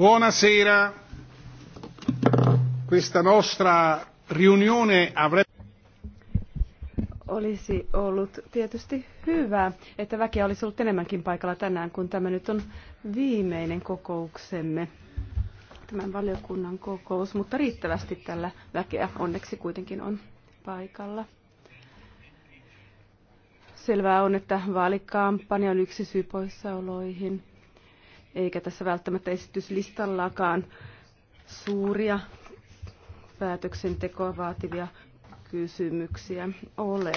Buonasera. Questa nostra riunione avrebbe olisi ollut tietysti hyvä, että väkeä olisi ollut enemmänkin paikalla tänään, kun tämä nyt on viimeinen kokouksemme, tämän valiokunnan kokous, mutta riittävästi tällä väkeä onneksi kuitenkin on paikalla. Selvää on, että vaalikampanja on yksi syy poissaoloihin eikä tässä välttämättä esityslistallakaan suuria päätöksentekoa vaativia kysymyksiä ole.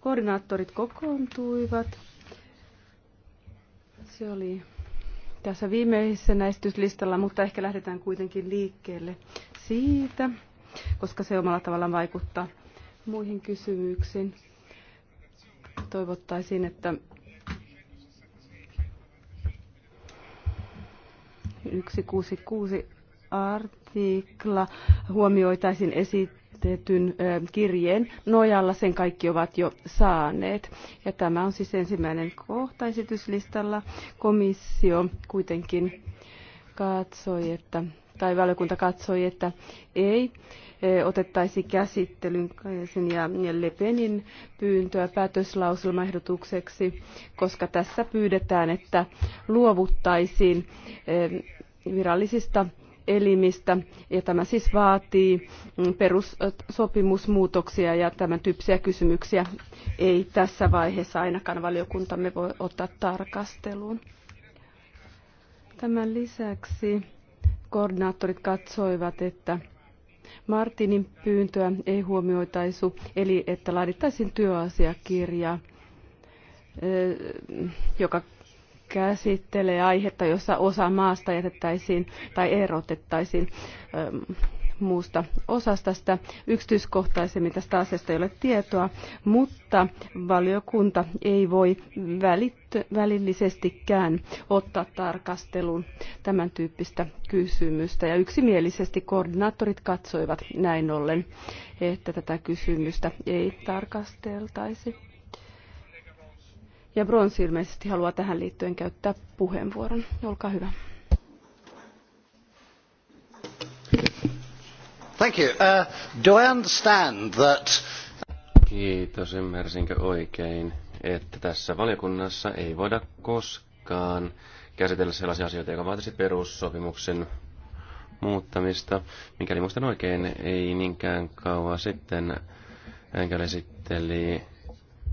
Koordinaattorit kokoontuivat. Se oli tässä viimeisessä esityslistalla, mutta ehkä lähdetään kuitenkin liikkeelle siitä, koska se omalla tavallaan vaikuttaa muihin kysymyksiin. Toivottaisiin, että 166 artikla huomioitaisiin esitetyn kirjeen nojalla. Sen kaikki ovat jo saaneet. Ja tämä on siis ensimmäinen kohta esityslistalla. Komissio kuitenkin katsoi, että, tai valiokunta katsoi, että ei otettaisi käsittelyn Kajasin ja Lepenin pyyntöä päätöslauselmaehdotukseksi, koska tässä pyydetään, että luovuttaisiin virallisista elimistä ja tämä siis vaatii mm, perussopimusmuutoksia ja tämän tyyppisiä kysymyksiä ei tässä vaiheessa ainakaan valiokuntamme voi ottaa tarkasteluun. Tämän lisäksi koordinaattorit katsoivat, että Martinin pyyntöä ei huomioitaisu, eli että laadittaisiin työasiakirja, joka käsittelee aihetta, jossa osa maasta jätettäisiin tai erotettaisiin ähm, muusta osasta. Sitä yksityiskohtaisemmin tästä asiasta ei ole tietoa, mutta valiokunta ei voi välillisestikään ottaa tarkasteluun tämän tyyppistä kysymystä. Ja yksimielisesti koordinaattorit katsoivat näin ollen, että tätä kysymystä ei tarkasteltaisi. Ja Brons ilmeisesti haluaa tähän liittyen käyttää puheenvuoron. Olkaa hyvä. Thank you. Uh, do I understand that... Kiitos, ymmärsinkö oikein, että tässä valiokunnassa ei voida koskaan käsitellä sellaisia asioita, jotka vaatisi perussopimuksen muuttamista. Mikäli muistan oikein, ei niinkään kauan sitten hän esitteli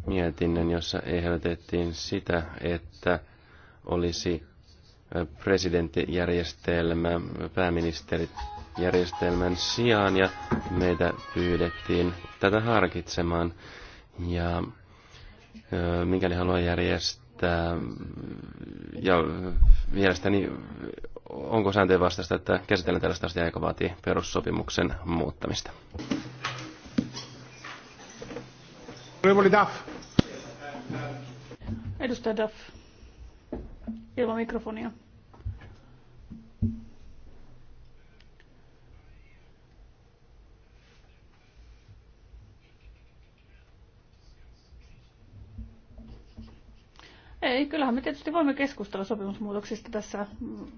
mietinnön, jossa ehdotettiin sitä, että olisi presidenttijärjestelmä pääministerijärjestelmän sijaan ja meitä pyydettiin tätä harkitsemaan. Ja mikäli haluaa järjestää, ja mielestäni onko sääntöjen vastaista, että käsitellään tällaista asiaa, joka vaatii perussopimuksen muuttamista. Duff. Edustaja Duff. Ilman mikrofonia. Ei, kyllähän me tietysti voimme keskustella sopimusmuutoksista tässä mm,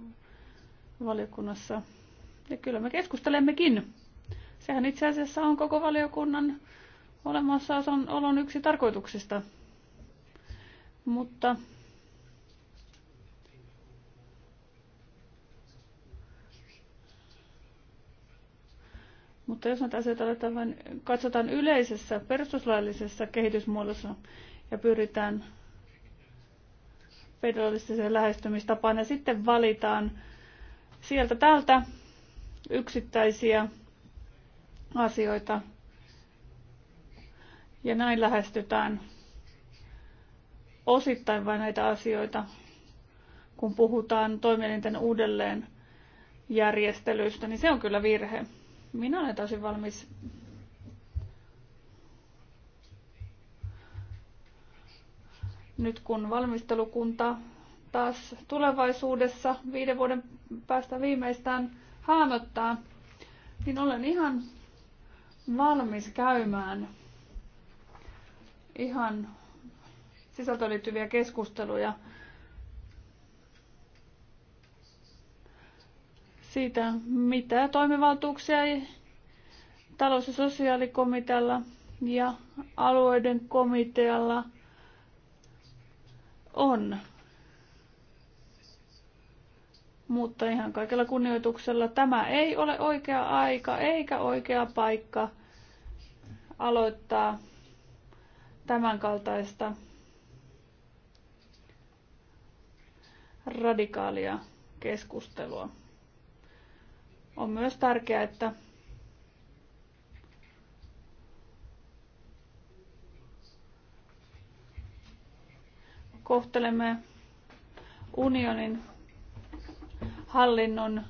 valiokunnassa. Ja kyllä me keskustelemmekin. Sehän itse asiassa on koko valiokunnan olemassa on olon yksi tarkoituksista. Mutta Mutta jos näitä asioita aletaan vain, katsotaan yleisessä perustuslaillisessa kehitysmuodossa ja pyritään federalistiseen lähestymistapaan ja sitten valitaan sieltä täältä yksittäisiä asioita, ja näin lähestytään osittain vain näitä asioita, kun puhutaan toimielinten uudelleen järjestelystä, niin se on kyllä virhe. Minä olen täysin valmis nyt kun valmistelukunta taas tulevaisuudessa viiden vuoden päästä viimeistään haamottaa, niin olen ihan valmis käymään ihan sisältöön liittyviä keskusteluja siitä, mitä toimivaltuuksia talous- ja sosiaalikomitealla ja alueiden komitealla on. Mutta ihan kaikella kunnioituksella tämä ei ole oikea aika eikä oikea paikka aloittaa tämänkaltaista radikaalia keskustelua. On myös tärkeää, että kohtelemme unionin hallinnon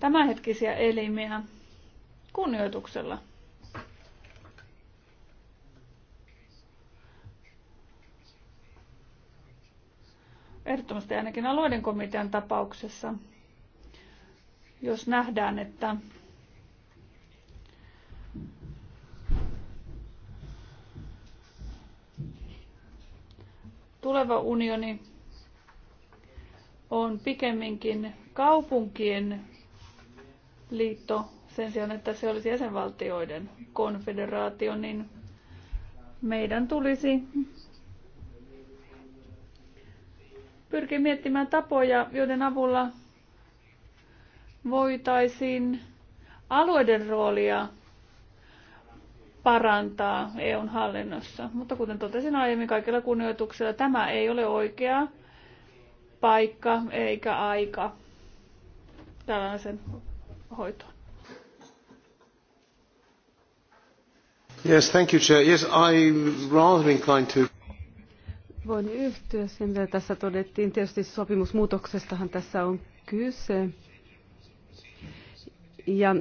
tämänhetkisiä elimiä kunnioituksella. ehdottomasti ainakin alueiden komitean tapauksessa, jos nähdään, että tuleva unioni on pikemminkin kaupunkien liitto sen sijaan, että se olisi jäsenvaltioiden konfederaatio, niin meidän tulisi pyrkii miettimään tapoja, joiden avulla voitaisiin alueiden roolia parantaa EUn hallinnossa. Mutta kuten totesin aiemmin kaikilla kunnioituksella, tämä ei ole oikea paikka eikä aika tällaisen hoitoon. Yes, thank you, Chair. Yes, I'm rather inclined to Voin yhtyä sen, mitä tässä todettiin. Tietysti sopimusmuutoksestahan tässä on kyse ja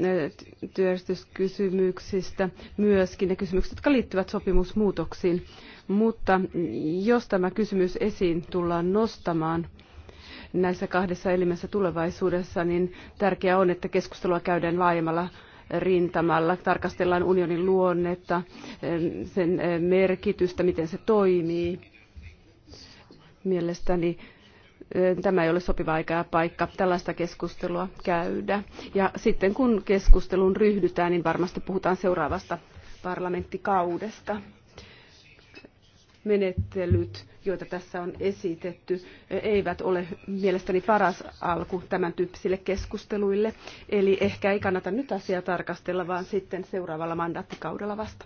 työstyskysymyksistä myöskin ne kysymykset, jotka liittyvät sopimusmuutoksiin. Mutta jos tämä kysymys esiin tullaan nostamaan näissä kahdessa elimessä tulevaisuudessa, niin tärkeää on, että keskustelua käydään laajemmalla rintamalla. Tarkastellaan unionin luonnetta, sen merkitystä, miten se toimii Mielestäni tämä ei ole sopiva aika ja paikka tällaista keskustelua käydä. Ja sitten kun keskusteluun ryhdytään, niin varmasti puhutaan seuraavasta parlamenttikaudesta. Menettelyt, joita tässä on esitetty, eivät ole mielestäni paras alku tämän tyyppisille keskusteluille. Eli ehkä ei kannata nyt asiaa tarkastella, vaan sitten seuraavalla mandaattikaudella vasta.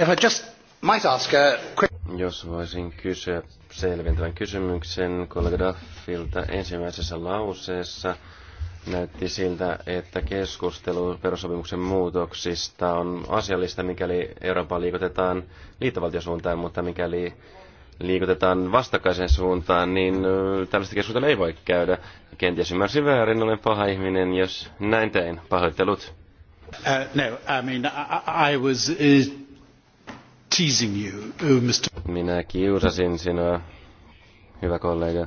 If I just Might ask a quick... Jos voisin kysyä selventävän kysymyksen kollega Duffilta ensimmäisessä lauseessa, näytti siltä, että keskustelu perussopimuksen muutoksista on asiallista, mikäli Eurooppaa liikutetaan liittovaltiosuuntaan, mutta mikäli liikutetaan vastakkaiseen suuntaan, niin tällaista keskustelua ei voi käydä. Kenties ymmärsin väärin, olen paha ihminen, jos näin tein. Pahoittelut. Uh, no, I mean, I, I was uh, teasing you, oh, Mr. Minä kiusasin sinua, hyvä kollega.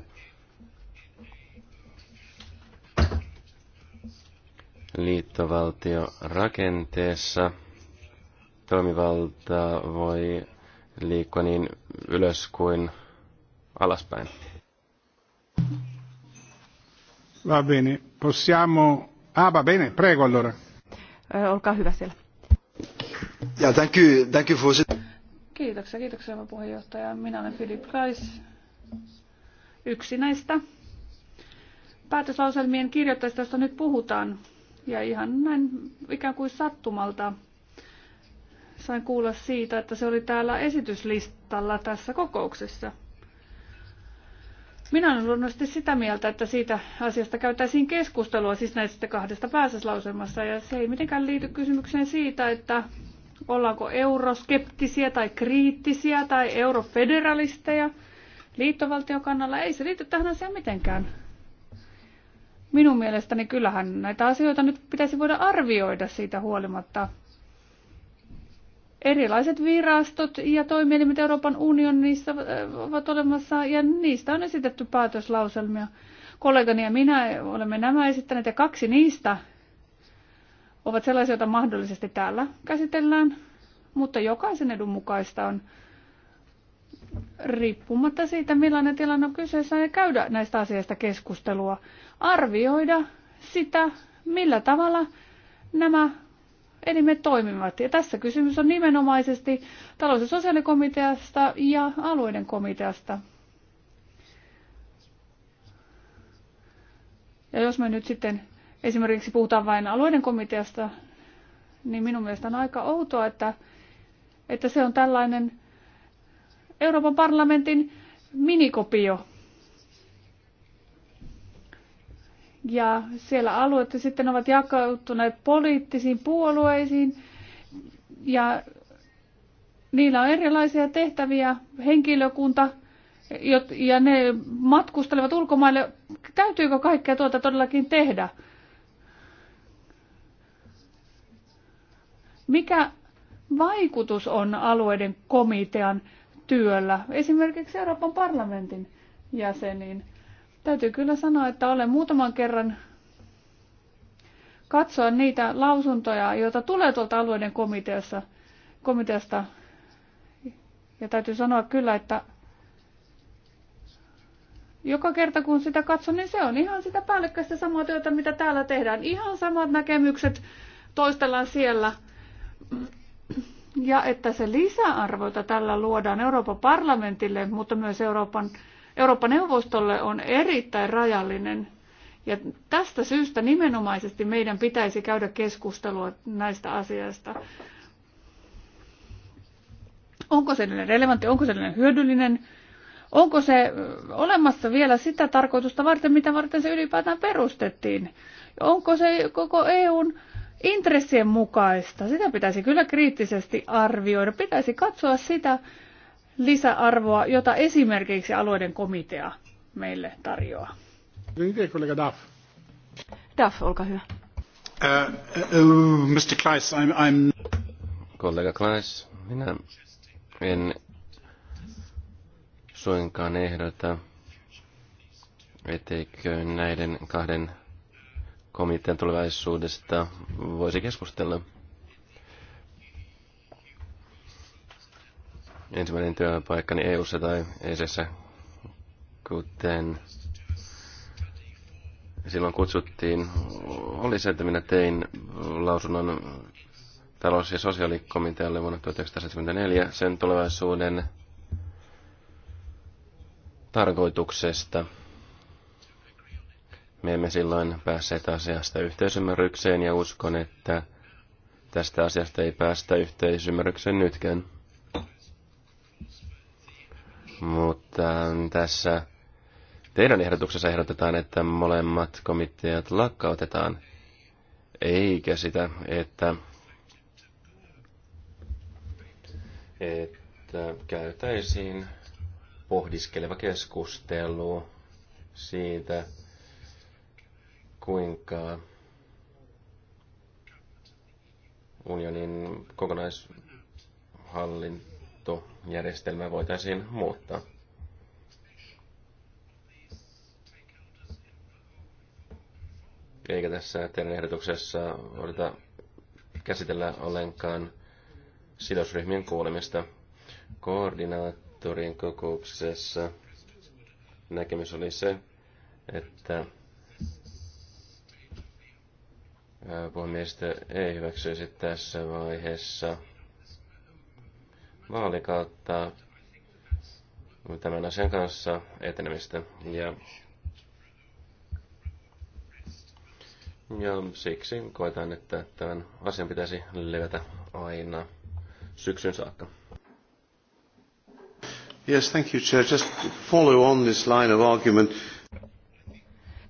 Liittovaltiorakenteessa toimivalta voi liikkua niin ylös kuin alaspäin. Va bene, possiamo... Ah, va bene, prego allora. olkaa hyvä siellä. Ja, thank you, thank you for... Kiitoksia, kiitoksia hyvä puheenjohtaja. Minä olen Philip Price, yksi näistä päätöslauselmien kirjoittajista, joista nyt puhutaan. Ja ihan näin ikään kuin sattumalta sain kuulla siitä, että se oli täällä esityslistalla tässä kokouksessa. Minä olen luonnollisesti sitä mieltä, että siitä asiasta käytäisiin keskustelua, siis näistä kahdesta päätöslauselmassa, ja se ei mitenkään liity kysymykseen siitä, että Ollaanko euroskeptisiä tai kriittisiä tai eurofederalisteja liittovaltiokannalla? Ei se liity tähän asiaan mitenkään. Minun mielestäni kyllähän näitä asioita nyt pitäisi voida arvioida siitä huolimatta. Erilaiset virastot ja toimielimet Euroopan unionissa äh, ovat olemassa ja niistä on esitetty päätöslauselmia kollegani ja minä olemme nämä esittäneet ja kaksi niistä ovat sellaisia, joita mahdollisesti täällä käsitellään, mutta jokaisen edun mukaista on riippumatta siitä, millainen tilanne on kyseessä, ja käydä näistä asioista keskustelua, arvioida sitä, millä tavalla nämä elimet toimivat. Ja tässä kysymys on nimenomaisesti talous- ja sosiaalikomiteasta ja alueiden komiteasta. Ja jos me nyt sitten esimerkiksi puhutaan vain alueiden komiteasta, niin minun mielestäni on aika outoa, että, että se on tällainen Euroopan parlamentin minikopio. Ja siellä alueet sitten ovat jakautuneet poliittisiin puolueisiin ja niillä on erilaisia tehtäviä, henkilökunta ja ne matkustelevat ulkomaille. Täytyykö kaikkea tuota todellakin tehdä? Mikä vaikutus on alueiden komitean työllä, esimerkiksi Euroopan parlamentin jäseniin? Täytyy kyllä sanoa, että olen muutaman kerran katsoa niitä lausuntoja, joita tulee tuolta alueiden komiteassa, komiteasta. Ja täytyy sanoa kyllä, että joka kerta kun sitä katson, niin se on ihan sitä päällekkäistä samaa työtä, mitä täällä tehdään. Ihan samat näkemykset toistellaan siellä – ja että se lisäarvo, jota tällä luodaan Euroopan parlamentille, mutta myös Euroopan, Euroopan neuvostolle, on erittäin rajallinen. Ja tästä syystä nimenomaisesti meidän pitäisi käydä keskustelua näistä asioista. Onko se edelleen relevantti, onko se edelleen hyödyllinen, onko se olemassa vielä sitä tarkoitusta varten, mitä varten se ylipäätään perustettiin. Onko se koko EUn intressien mukaista. Sitä pitäisi kyllä kriittisesti arvioida. Pitäisi katsoa sitä lisäarvoa, jota esimerkiksi alueiden komitea meille tarjoaa. kollega Duff. Duff, olkaa hyvä. Uh, uh, Mr. Kleiss, I'm, I'm... Kollega Kleiss, minä en suinkaan ehdota, etteikö näiden kahden komitean tulevaisuudesta voisi keskustella. Ensimmäinen työpaikkani niin EU-ssa tai ESessä, kuten silloin kutsuttiin, oli se, että minä tein lausunnon talous- ja sosiaalikomitealle vuonna 1974 sen tulevaisuuden tarkoituksesta – me emme silloin päässeet asiasta yhteisymmärrykseen ja uskon, että tästä asiasta ei päästä yhteisymmärrykseen nytkään. Mutta tässä teidän ehdotuksessa ehdotetaan, että molemmat komiteat lakkautetaan, eikä sitä, että, että käytäisiin pohdiskeleva keskustelu siitä, kuinka unionin kokonaishallintojärjestelmää voitaisiin muuttaa. Eikä tässä teidän ehdotuksessa odota käsitellä ollenkaan sidosryhmien kuulemista koordinaattorien kokouksessa. Näkemys oli se, että puhemiehistö ei hyväksyisi tässä vaiheessa vaalikautta tämän asian kanssa etenemistä. Ja, ja siksi koetaan, että tämän asian pitäisi levätä aina syksyn saakka. Yes, thank you, Chair. Just follow on this line of argument.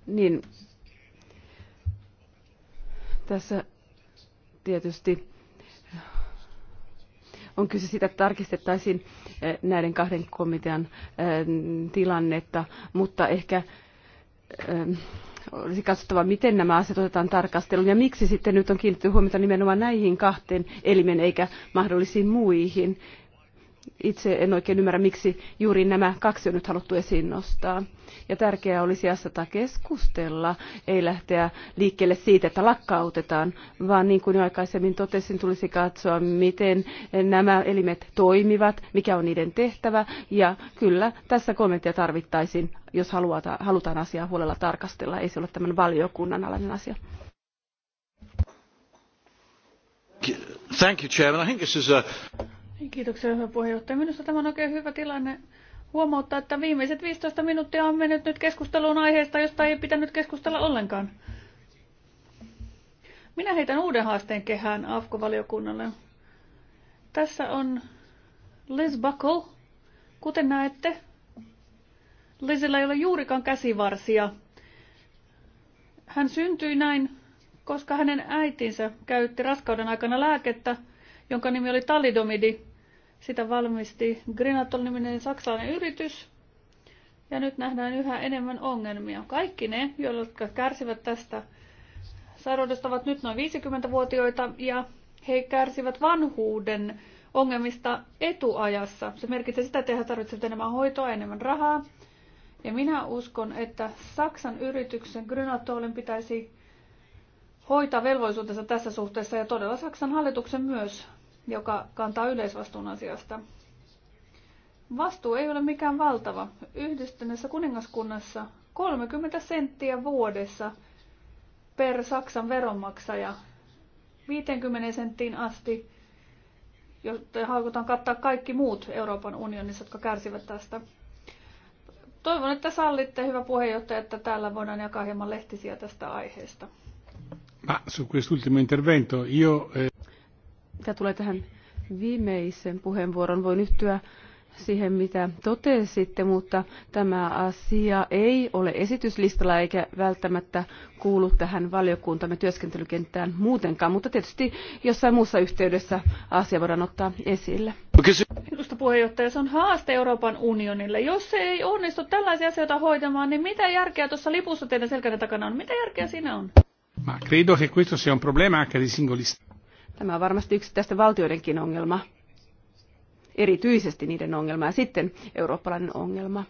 Niin, tässä tietysti on kyse siitä, että tarkistettaisiin eh, näiden kahden komitean eh, tilannetta, mutta ehkä eh, olisi katsottava, miten nämä asiat otetaan tarkasteluun ja miksi sitten nyt on kiinnitetty huomiota nimenomaan näihin kahteen elimen eikä mahdollisiin muihin itse en oikein ymmärrä, miksi juuri nämä kaksi on nyt haluttu esiin nostaa. Ja tärkeää olisi asiasta keskustella, ei lähteä liikkeelle siitä, että lakkautetaan, vaan niin kuin jo aikaisemmin totesin, tulisi katsoa, miten nämä elimet toimivat, mikä on niiden tehtävä. Ja kyllä, tässä kommenttia tarvittaisiin, jos haluata, halutaan asiaa huolella tarkastella. Ei se ole tämän valiokunnan alainen asia. Thank you, Chairman. I think this is a... Kiitoksia, hyvä puheenjohtaja. Minusta tämä on oikein hyvä tilanne huomauttaa, että viimeiset 15 minuuttia on mennyt nyt keskusteluun aiheesta, josta ei pitänyt keskustella ollenkaan. Minä heitän uuden haasteen kehään AFKO-valiokunnalle. Tässä on Liz Buckle. Kuten näette, Lizillä ei ole juurikaan käsivarsia. Hän syntyi näin, koska hänen äitinsä käytti raskauden aikana lääkettä, jonka nimi oli talidomidi, sitä valmisti Grenatol-niminen saksalainen yritys. Ja nyt nähdään yhä enemmän ongelmia. Kaikki ne, jotka kärsivät tästä sairaudesta, ovat nyt noin 50-vuotiaita ja he kärsivät vanhuuden ongelmista etuajassa. Se merkitsee sitä, että he tarvitsevat enemmän hoitoa, enemmän rahaa. Ja minä uskon, että Saksan yrityksen Grenatolin pitäisi hoitaa velvollisuutensa tässä suhteessa ja todella Saksan hallituksen myös joka kantaa yleisvastuun asiasta. Vastuu ei ole mikään valtava. Yhdistyneessä kuningaskunnassa 30 senttiä vuodessa per Saksan veronmaksaja 50 senttiin asti, jotta halutaan kattaa kaikki muut Euroopan unionissa, jotka kärsivät tästä. Toivon, että sallitte, hyvä puheenjohtaja, että täällä voidaan jakaa hieman lehtisiä tästä aiheesta. Ma su quest'ultimo intervento io eh, mitä tulee tähän viimeisen puheenvuoron, voin yhtyä siihen, mitä totesitte, mutta tämä asia ei ole esityslistalla eikä välttämättä kuulu tähän valiokuntamme työskentelykenttään muutenkaan, mutta tietysti jossain muussa yhteydessä asia voidaan ottaa esille. Minusta puheenjohtaja, se on haaste Euroopan unionille. Jos se ei onnistu tällaisia asioita hoitamaan, niin mitä järkeä tuossa lipussa teidän selkänne takana on? Mitä järkeä siinä on? Ma credo che questo sia un problema anche dei singoli stati. Tämä on varmasti yksittäisten valtioidenkin ongelma, erityisesti niiden ongelma ja sitten eurooppalainen ongelma.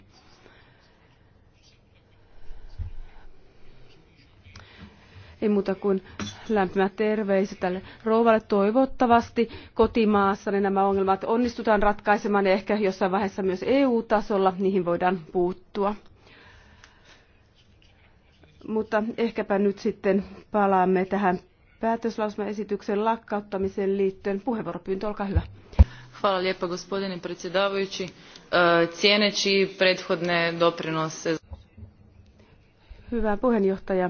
Ei muuta kuin lämpimät terveiset tälle rouvalle. Toivottavasti kotimaassa niin nämä ongelmat onnistutaan ratkaisemaan ja ehkä jossain vaiheessa myös EU-tasolla niihin voidaan puuttua mutta ehkäpä nyt sitten palaamme tähän päätöslauselmaesityksen lakkauttamiseen liittyen. Puheenvuoropyyntö, olkaa hyvä. Hvala lijepa gospodine predsjedavajući. E, cijeneći prethodne doprinose. Hyvä puheenjohtaja.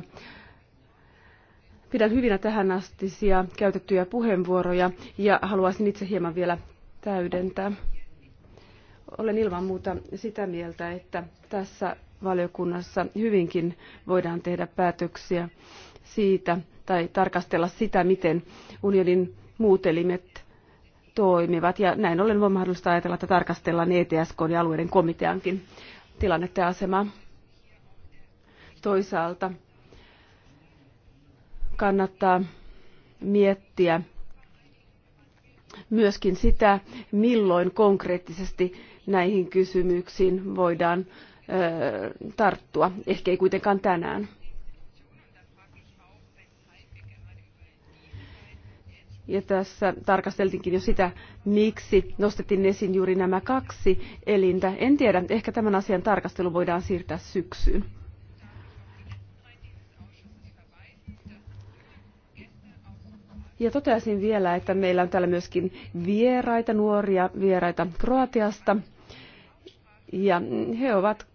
Pidän hyvinä tähän asti käytettyjä puheenvuoroja ja haluaisin itse hieman vielä täydentää. Olen ilman muuta sitä mieltä, että tässä valiokunnassa hyvinkin voidaan tehdä päätöksiä siitä, tai tarkastella sitä, miten unionin muut elimet toimivat. Ja näin ollen voi mahdollista ajatella, että tarkastellaan ETSK ja alueiden komiteankin tilannetta ja asemaa. Toisaalta kannattaa miettiä myöskin sitä, milloin konkreettisesti näihin kysymyksiin voidaan tarttua. Ehkä ei kuitenkaan tänään. Ja tässä tarkasteltiinkin jo sitä, miksi nostettiin esiin juuri nämä kaksi elintä. En tiedä, ehkä tämän asian tarkastelu voidaan siirtää syksyyn. Ja toteaisin vielä, että meillä on täällä myöskin vieraita, nuoria vieraita Kroatiasta. Ja he ovat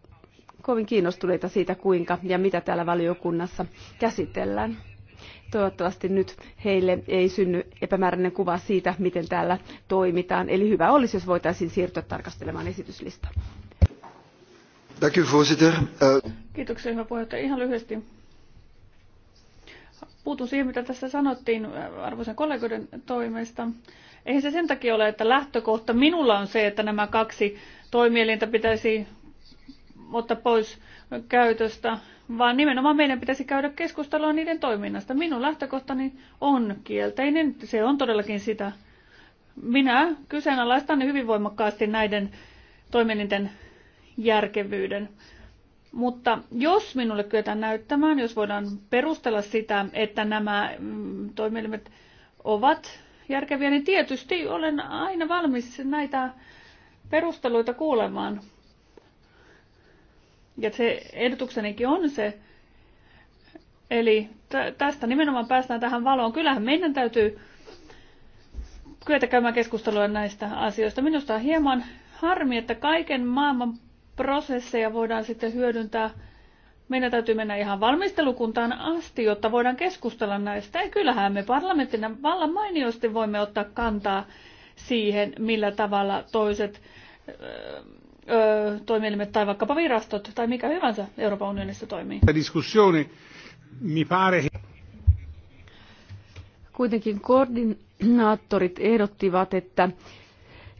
kovin kiinnostuneita siitä, kuinka ja mitä täällä valiokunnassa käsitellään. Toivottavasti nyt heille ei synny epämääräinen kuva siitä, miten täällä toimitaan. Eli hyvä olisi, jos voitaisiin siirtyä tarkastelemaan esityslistaa. Eh, Kiitoksia, hyvä puheenjohtaja. Ihan lyhyesti puutun siihen, mitä tässä sanottiin eh, arvoisen kollegoiden toimesta. Eihän se sen takia ole, että lähtökohta minulla on se, että nämä kaksi toimielintä pitäisi ottaa pois käytöstä, vaan nimenomaan meidän pitäisi käydä keskustelua niiden toiminnasta. Minun lähtökohtani on kielteinen, se on todellakin sitä. Minä kyseenalaistan hyvin voimakkaasti näiden toimielinten järkevyyden. Mutta jos minulle kyetään näyttämään, jos voidaan perustella sitä, että nämä mm, toimielimet ovat järkeviä, niin tietysti olen aina valmis näitä perusteluita kuulemaan. Ja se ehdotuksenikin on se, eli tästä nimenomaan päästään tähän valoon. Kyllähän meidän täytyy kyetä käymään keskustelua näistä asioista. Minusta on hieman harmi, että kaiken maailman prosesseja voidaan sitten hyödyntää. Meidän täytyy mennä ihan valmistelukuntaan asti, jotta voidaan keskustella näistä. Ja kyllähän me parlamenttina vallan mainiosti voimme ottaa kantaa siihen, millä tavalla toiset toimielimet tai vaikkapa virastot tai mikä hyvänsä Euroopan unionissa toimii. Kuitenkin koordinaattorit ehdottivat, että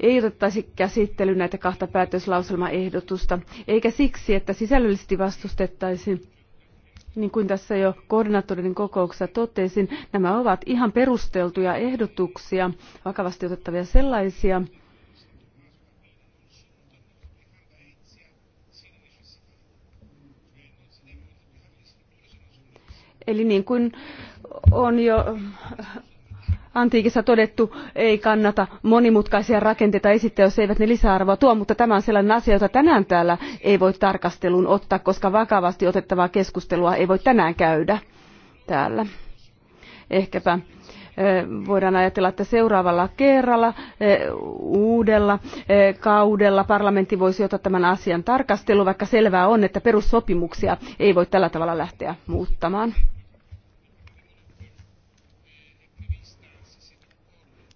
ei otettaisi käsittelyyn näitä kahta päätöslauselmaehdotusta, eikä siksi, että sisällöllisesti vastustettaisiin niin kuin tässä jo koordinaattorin kokouksessa totesin, nämä ovat ihan perusteltuja ehdotuksia, vakavasti otettavia sellaisia. Eli niin kuin on jo antiikissa todettu, ei kannata monimutkaisia rakenteita esittää, jos eivät ne lisäarvoa tuo, mutta tämä on sellainen asia, jota tänään täällä ei voi tarkasteluun ottaa, koska vakavasti otettavaa keskustelua ei voi tänään käydä täällä. Ehkäpä eh, voidaan ajatella, että seuraavalla kerralla, eh, uudella eh, kaudella parlamentti voisi ottaa tämän asian tarkastelu, vaikka selvää on, että perussopimuksia ei voi tällä tavalla lähteä muuttamaan.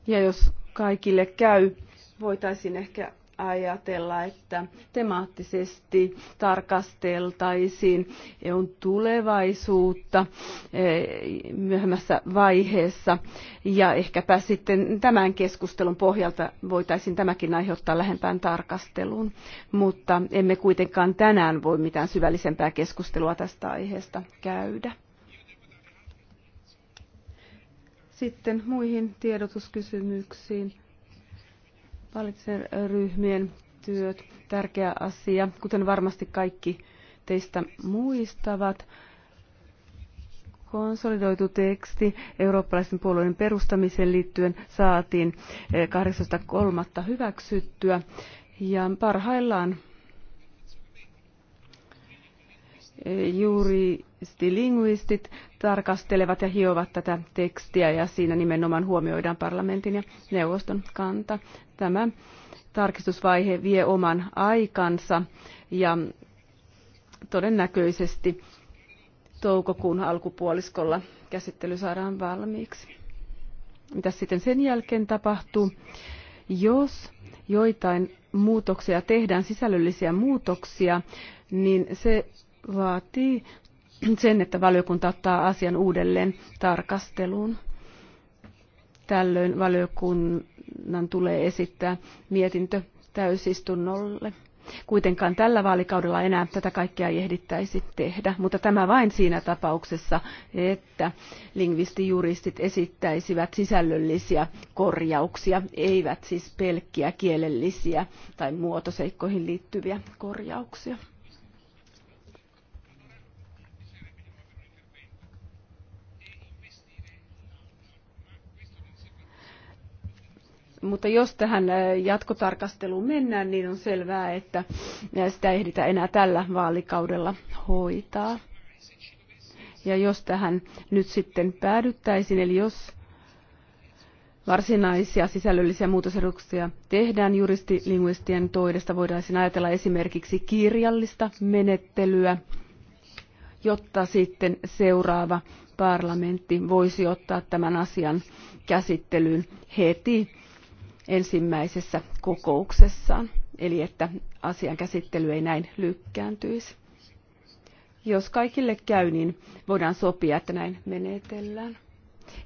Ja jos kaikille käy, voitaisiin ehkä ajatella, että temaattisesti tarkasteltaisiin EUn tulevaisuutta eh, myöhemmässä vaiheessa. Ja ehkäpä sitten tämän keskustelun pohjalta voitaisiin tämäkin aiheuttaa lähempään tarkasteluun. Mutta emme kuitenkaan tänään voi mitään syvällisempää keskustelua tästä aiheesta käydä. Sitten muihin tiedotuskysymyksiin. Valitsen ryhmien työt, tärkeä asia, kuten varmasti kaikki teistä muistavat. Konsolidoitu teksti eurooppalaisen puolueen perustamiseen liittyen saatiin 18.3. Eh, hyväksyttyä ja parhaillaan juristilingvistit tarkastelevat ja hiovat tätä tekstiä ja siinä nimenomaan huomioidaan parlamentin ja neuvoston kanta. Tämä tarkistusvaihe vie oman aikansa ja todennäköisesti toukokuun alkupuoliskolla käsittely saadaan valmiiksi. Mitä sitten sen jälkeen tapahtuu? Jos joitain muutoksia tehdään, sisällöllisiä muutoksia, niin se vaatii sen, että valiokunta ottaa asian uudelleen tarkasteluun. Tällöin valiokunnan tulee esittää mietintö täysistunnolle. Kuitenkaan tällä vaalikaudella enää tätä kaikkea ei ehdittäisi tehdä, mutta tämä vain siinä tapauksessa, että lingvistijuristit esittäisivät sisällöllisiä korjauksia, eivät siis pelkkiä kielellisiä tai muotoseikkoihin liittyviä korjauksia. Mutta jos tähän jatkotarkasteluun mennään, niin on selvää, että sitä ehditä enää tällä vaalikaudella hoitaa. Ja jos tähän nyt sitten päädyttäisiin, eli jos varsinaisia sisällöllisiä muutosehdotuksia tehdään juristilinguistien toidesta, voidaan ajatella esimerkiksi kirjallista menettelyä, jotta sitten seuraava parlamentti voisi ottaa tämän asian käsittelyyn heti ensimmäisessä kokouksessaan, eli että asian käsittely ei näin lykkääntyisi. Jos kaikille käy, niin voidaan sopia, että näin menetellään.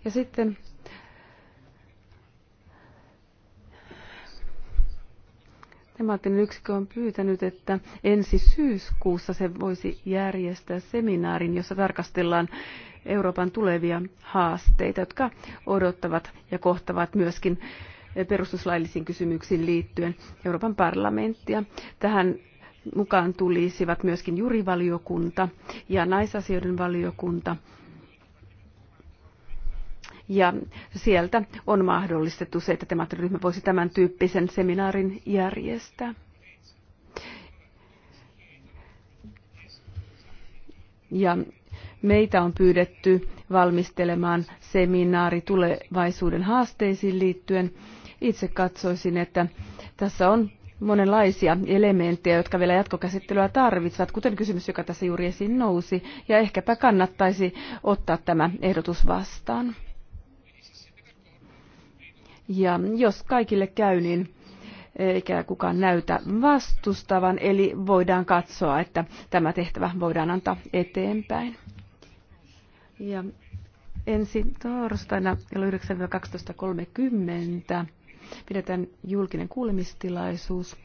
Ja sitten temaattinen yksikkö on pyytänyt, että ensi syyskuussa se voisi järjestää seminaarin, jossa tarkastellaan Euroopan tulevia haasteita, jotka odottavat ja kohtavat myöskin perustuslaillisiin kysymyksiin liittyen Euroopan parlamenttia. Tähän mukaan tulisivat myöskin jurivaliokunta ja naisasioiden valiokunta. Ja sieltä on mahdollistettu se, että temaattinen voisi tämän tyyppisen seminaarin järjestää. Ja meitä on pyydetty valmistelemaan seminaari tulevaisuuden haasteisiin liittyen itse katsoisin, että tässä on monenlaisia elementtejä, jotka vielä jatkokäsittelyä tarvitsevat, kuten kysymys, joka tässä juuri esiin nousi, ja ehkäpä kannattaisi ottaa tämä ehdotus vastaan. Ja jos kaikille käy, niin eikä kukaan näytä vastustavan, eli voidaan katsoa, että tämä tehtävä voidaan antaa eteenpäin. Ja ensi torstaina kello 9-12.30 pidetään julkinen kuulemistilaisuus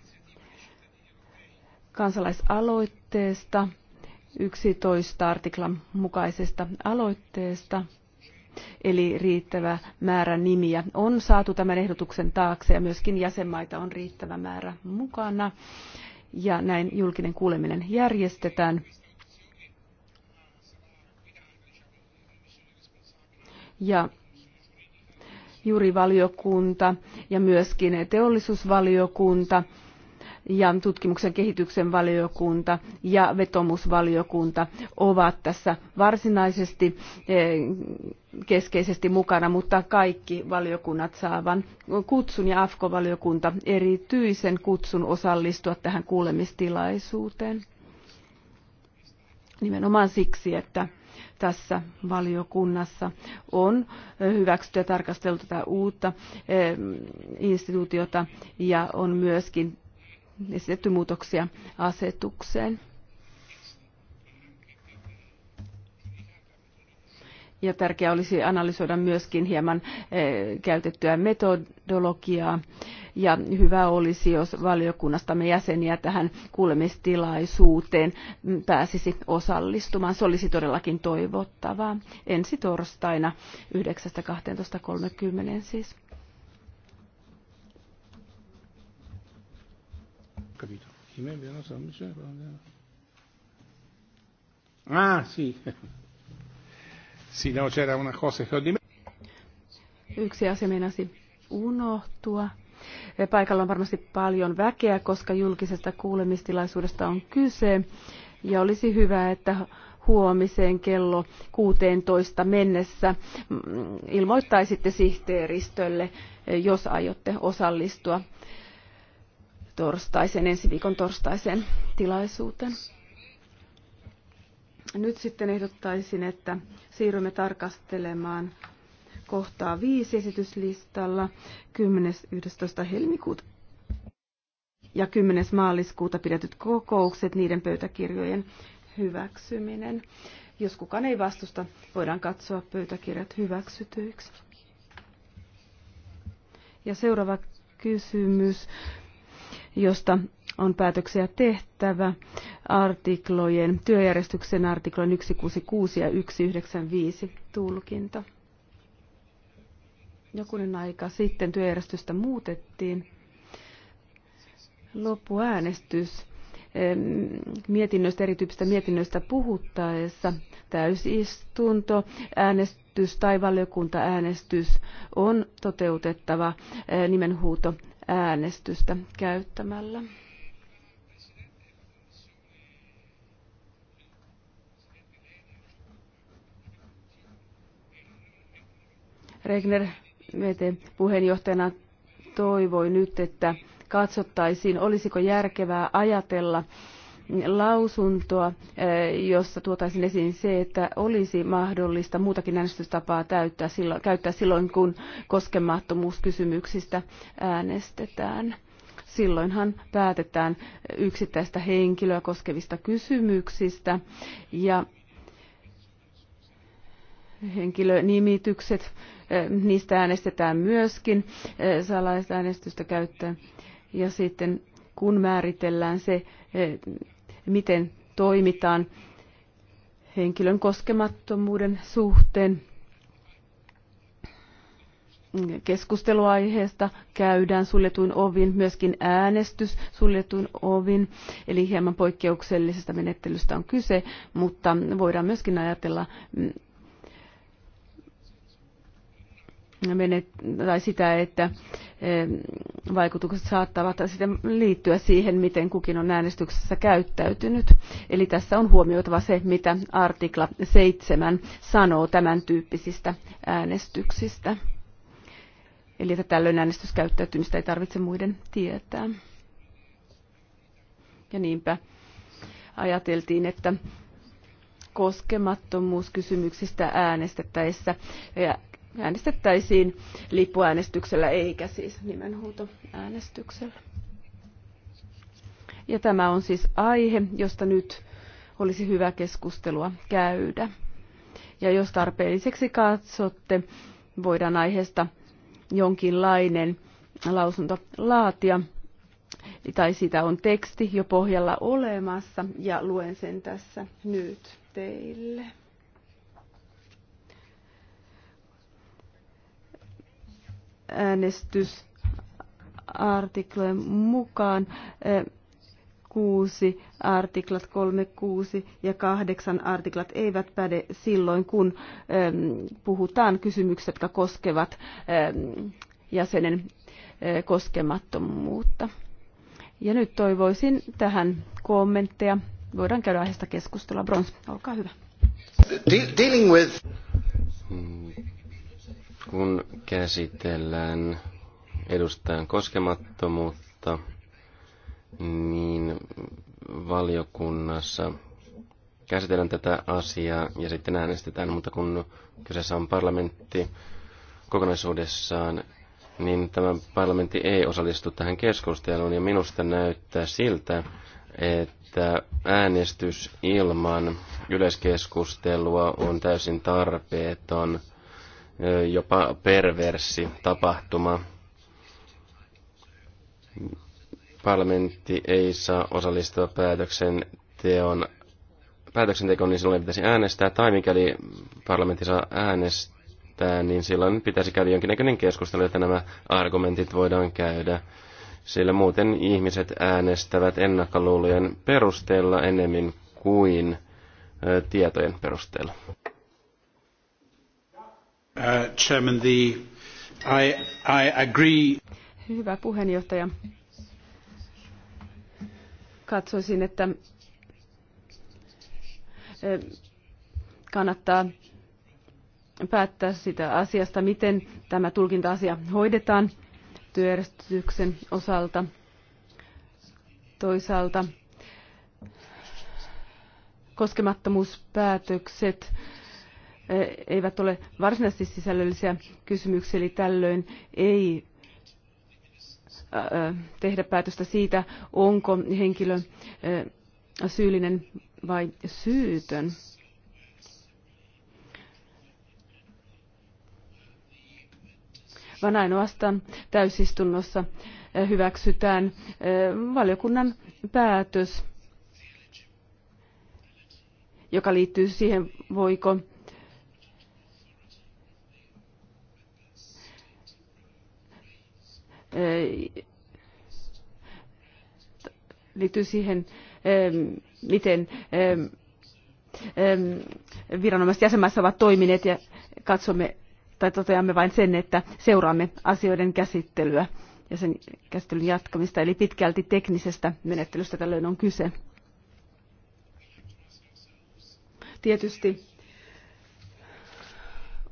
kansalaisaloitteesta, 11 artiklan mukaisesta aloitteesta. Eli riittävä määrä nimiä on saatu tämän ehdotuksen taakse ja myöskin jäsenmaita on riittävä määrä mukana. Ja näin julkinen kuuleminen järjestetään. Ja jurivaliokunta ja myöskin teollisuusvaliokunta ja tutkimuksen kehityksen valiokunta ja vetomusvaliokunta ovat tässä varsinaisesti eh, keskeisesti mukana, mutta kaikki valiokunnat saavan kutsun ja AFKO-valiokunta erityisen kutsun osallistua tähän kuulemistilaisuuteen. Nimenomaan siksi, että tässä valiokunnassa on hyväksytty ja tarkasteltu tätä uutta eh, instituutiota ja on myöskin esitetty muutoksia asetukseen. Ja tärkeää olisi analysoida myöskin hieman eh, käytettyä metodologiaa. Ja hyvä olisi, jos valiokunnastamme jäseniä tähän kuulemistilaisuuteen pääsisi osallistumaan. Se olisi todellakin toivottavaa ensi torstaina 9.12.30 siis. Capito. Chi mi viene a Ah, sì. Siinä no, on c'era una cosa che ho Yksi asia meinasi unohtua. Paikalla on varmasti paljon väkeä, koska julkisesta kuulemistilaisuudesta on kyse. Ja olisi hyvä, että huomiseen kello 16 mennessä mm, ilmoittaisitte sihteeristölle, jos aiotte osallistua torstaisen, ensi viikon torstaisen tilaisuuteen. Nyt sitten ehdottaisin, että siirrymme tarkastelemaan kohtaa viisi esityslistalla 10.11. helmikuuta ja 10. maaliskuuta pidetyt kokoukset, niiden pöytäkirjojen hyväksyminen. Jos kukaan ei vastusta, voidaan katsoa pöytäkirjat hyväksytyiksi. Ja seuraava kysymys, josta on päätöksiä tehtävä artiklojen, työjärjestyksen artiklojen 166 ja 195 tulkinta. Jokunen aika sitten työjärjestystä muutettiin. Loppuäänestys mietinnöistä, erityyppistä mietinnöistä puhuttaessa täysistunto, äänestys tai valiokuntaäänestys on toteutettava eh, nimenhuuto äänestystä käyttämällä. Regner VT puheenjohtajana toivoi nyt, että katsottaisiin, olisiko järkevää ajatella lausuntoa, eh, jossa tuotaisiin esiin se, että olisi mahdollista muutakin äänestystapaa täyttää silloin, käyttää silloin, kun koskemattomuuskysymyksistä äänestetään. Silloinhan päätetään yksittäistä henkilöä koskevista kysymyksistä ja henkilönimitykset niistä äänestetään myöskin salaista äänestystä käyttäen. Ja sitten kun määritellään se, miten toimitaan henkilön koskemattomuuden suhteen, keskusteluaiheesta käydään suljetuin ovin, myöskin äänestys suljetuin ovin, eli hieman poikkeuksellisesta menettelystä on kyse, mutta voidaan myöskin ajatella mm, tai sitä, että vaikutukset saattavat sitten liittyä siihen, miten kukin on äänestyksessä käyttäytynyt. Eli tässä on huomioitava se, mitä artikla 7 sanoo tämän tyyppisistä äänestyksistä. Eli että tällöin äänestyskäyttäytymistä ei tarvitse muiden tietää. Ja niinpä ajateltiin, että koskemattomuuskysymyksistä äänestettäessä ja äänestettäisiin lippuäänestyksellä eikä siis nimenhuutoäänestyksellä. Ja tämä on siis aihe, josta nyt olisi hyvä keskustelua käydä. Ja jos tarpeelliseksi katsotte, voidaan aiheesta jonkinlainen lausunto laatia, tai siitä on teksti jo pohjalla olemassa, ja luen sen tässä nyt teille. äänestysartiklojen mukaan eh, kuusi artiklat, kolme, kuusi ja kahdeksan artiklat eivät päde silloin, kun eh, puhutaan kysymyksistä, jotka koskevat eh, jäsenen koskemattomuutta. Ja nyt toivoisin tähän kommentteja. Voidaan käydä aiheesta keskustelua. Brons, olkaa hyvä. Dealing with... Mm kun käsitellään edustajan koskemattomuutta, niin valiokunnassa käsitellään tätä asiaa ja sitten äänestetään, mutta kun kyseessä on parlamentti kokonaisuudessaan, niin tämä parlamentti ei osallistu tähän keskusteluun ja minusta näyttää siltä, että äänestys ilman yleiskeskustelua on täysin tarpeeton – jopa perversi tapahtuma. Parlamentti ei saa osallistua päätöksenteon päätöksentekoon, niin silloin pitäisi äänestää, tai mikäli parlamentti saa äänestää, niin silloin pitäisi käydä jonkinnäköinen keskustelu, että nämä argumentit voidaan käydä. Sillä muuten ihmiset äänestävät ennakkoluulojen perusteella enemmän kuin tietojen perusteella. Uh, chairman, the, I, I agree. Hyvä puheenjohtaja. Katsoisin, että eh, kannattaa päättää sitä asiasta, miten tämä tulkinta-asia hoidetaan työjärjestyksen osalta. Toisaalta koskemattomuuspäätökset eivät ole varsinaisesti sisällöllisiä kysymyksiä, eli tällöin ei tehdä päätöstä siitä, onko henkilö syyllinen vai syytön. vaan ainoastaan täysistunnossa hyväksytään valiokunnan päätös, joka liittyy siihen, voiko liittyy siihen, miten viranomaiset jäsenmaissa ovat toimineet ja katsomme tai toteamme vain sen, että seuraamme asioiden käsittelyä ja sen käsittelyn jatkamista, eli pitkälti teknisestä menettelystä tällöin on kyse. Tietysti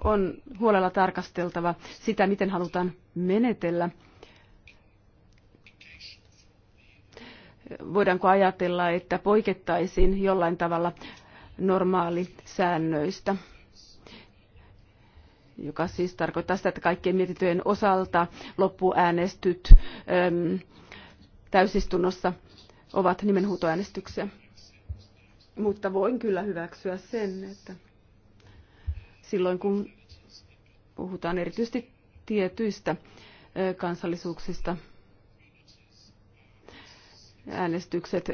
on huolella tarkasteltava sitä, miten halutaan menetellä voidaanko ajatella, että poikettaisiin jollain tavalla normaalisäännöistä, joka siis tarkoittaa sitä, että kaikkien mietityjen osalta loppuäänestyt äm, täysistunnossa ovat nimenhuutoäänestyksiä. Mutta voin kyllä hyväksyä sen, että silloin kun puhutaan erityisesti tietyistä äh, kansallisuuksista, äänestykset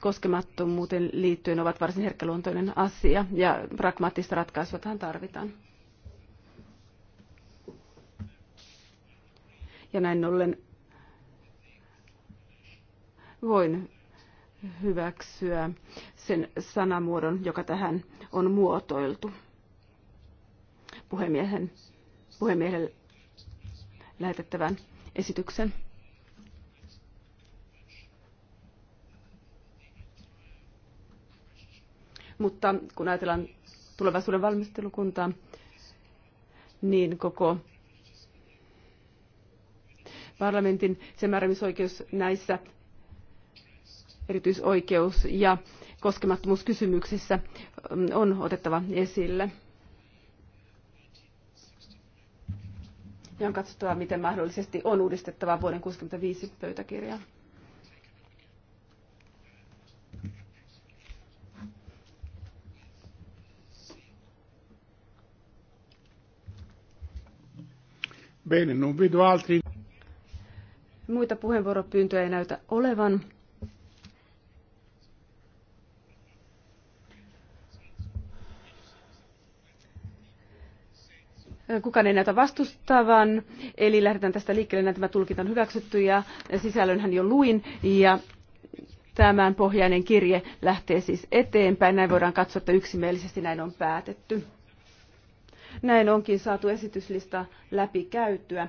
koskemattomuuteen liittyen ovat varsin herkkäluontoinen asia ja pragmaattista ratkaisua tähän tarvitaan. Ja näin ollen voin hyväksyä sen sanamuodon, joka tähän on muotoiltu. Puhemiehen, puhemiehelle lähetettävän esityksen. mutta kun ajatellaan tulevaisuuden valmistelukuntaa, niin koko parlamentin sen näissä erityisoikeus ja koskemattomuuskysymyksissä mm, on otettava esille. Ja on katsottava, miten mahdollisesti on uudistettava vuoden 1965 pöytäkirjaa. Bene, non vedo altri. Muita puheenvuoropyyntöjä ei näytä olevan. kukaan ei näytä vastustavan, eli lähdetään tästä liikkeelle, näin tämä tulkinta on hyväksytty ja sisällönhän jo luin ja tämän pohjainen kirje lähtee siis eteenpäin, näin voidaan katsoa, että yksimielisesti näin on päätetty. Näin onkin saatu esityslista läpi käytyä.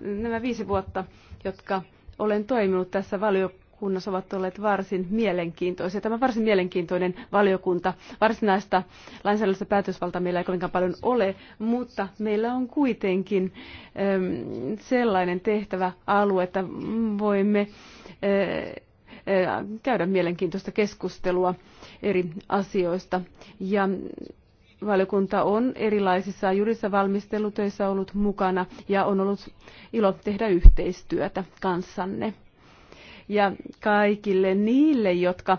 Nämä viisi vuotta, jotka olen toiminut tässä valiokunnassa, ovat olleet varsin mielenkiintoisia. Tämä varsin mielenkiintoinen valiokunta. Varsinaista lainsäädännöllistä päätösvaltaa meillä ei kovinkaan paljon ole, mutta meillä on kuitenkin ehm, sellainen tehtävä alue, että voimme ehm, käydä mielenkiintoista keskustelua eri asioista. Ja valiokunta on erilaisissa juridissa valmistelutöissä ollut mukana ja on ollut ilo tehdä yhteistyötä kanssanne. Ja kaikille niille, jotka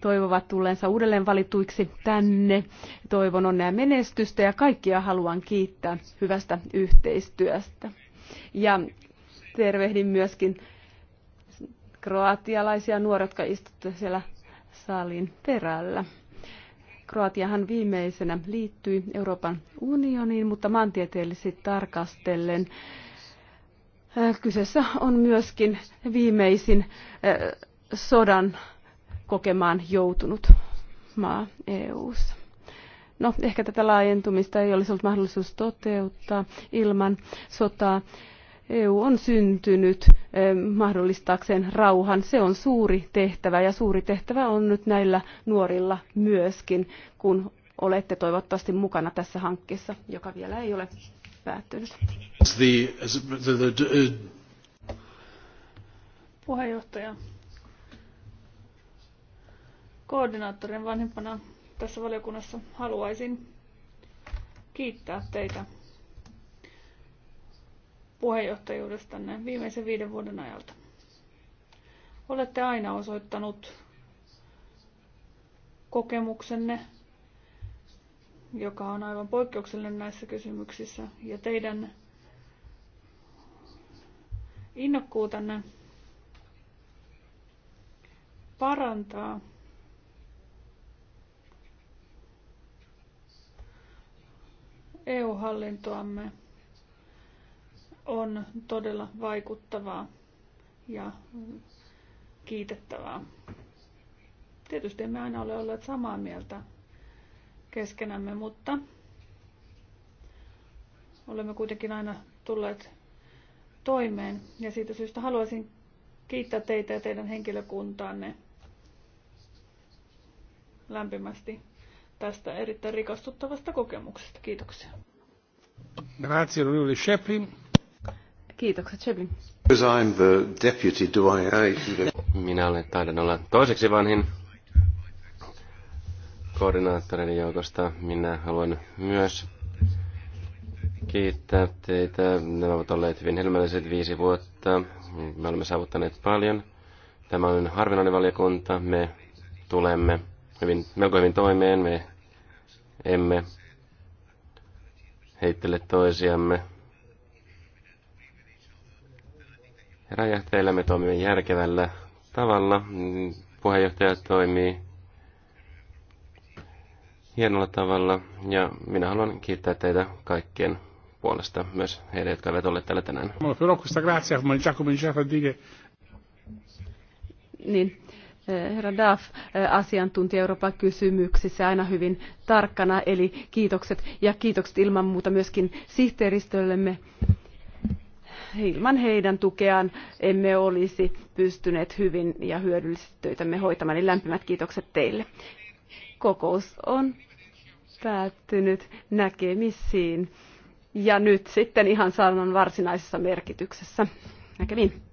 toivovat tulleensa uudelleen valituiksi tänne, toivon onnea menestystä ja kaikkia haluan kiittää hyvästä yhteistyöstä. Ja tervehdin myöskin kroatialaisia nuoria, jotka istutte siellä salin perällä. Kroatiahan viimeisenä liittyi Euroopan unioniin, mutta maantieteellisesti tarkastellen äh, kyseessä on myöskin viimeisin äh, sodan kokemaan joutunut maa EU:ssa. No, ehkä tätä laajentumista ei olisi ollut mahdollisuus toteuttaa ilman sotaa. EU on syntynyt eh, mahdollistaakseen rauhan. Se on suuri tehtävä ja suuri tehtävä on nyt näillä nuorilla myöskin, kun olette toivottavasti mukana tässä hankkeessa, joka vielä ei ole päättynyt. Uh, Puheenjohtaja. Koordinaattorin vanhempana tässä valiokunnassa haluaisin kiittää teitä puheenjohtajuudestanne viimeisen viiden vuoden ajalta. Olette aina osoittanut kokemuksenne, joka on aivan poikkeuksellinen näissä kysymyksissä, ja teidän innokkuutanne parantaa EU-hallintoamme on todella vaikuttavaa ja kiitettävää. Tietysti emme aina ole olleet samaa mieltä keskenämme, mutta olemme kuitenkin aina tulleet toimeen ja siitä syystä haluaisin kiittää teitä ja teidän henkilökuntaanne lämpimästi tästä erittäin rikastuttavasta kokemuksesta. Kiitoksia. Grazie, Shepli. Kiitokset, I'm the deputy, do I... Eh, Minä olen, taidan olla toiseksi vanhin koordinaattoreiden joukosta. Minä haluan myös kiittää teitä. Nämä ovat olleet hyvin helmälliset viisi vuotta. Me olemme saavuttaneet paljon. Tämä on harvinainen valiokunta. Me tulemme hyvin, melko hyvin toimeen. Me emme heittele toisiamme. Räjähteillä me toimimme järkevällä tavalla. Puheenjohtaja toimii hienolla tavalla ja minä haluan kiittää teitä kaikkien puolesta, myös heitä, jotka ovat olleet täällä tänään. Niin, eh, herra Duff, eh, asiantuntija Euroopan kysymyksissä aina hyvin tarkkana, eli kiitokset ja kiitokset ilman muuta myöskin sihteeristöllemme ilman heidän tukeaan emme olisi pystyneet hyvin ja hyödyllisesti töitämme hoitamaan. Niin lämpimät kiitokset teille. Kokous on päättynyt näkemisiin ja nyt sitten ihan sanon varsinaisessa merkityksessä. Näkemiin.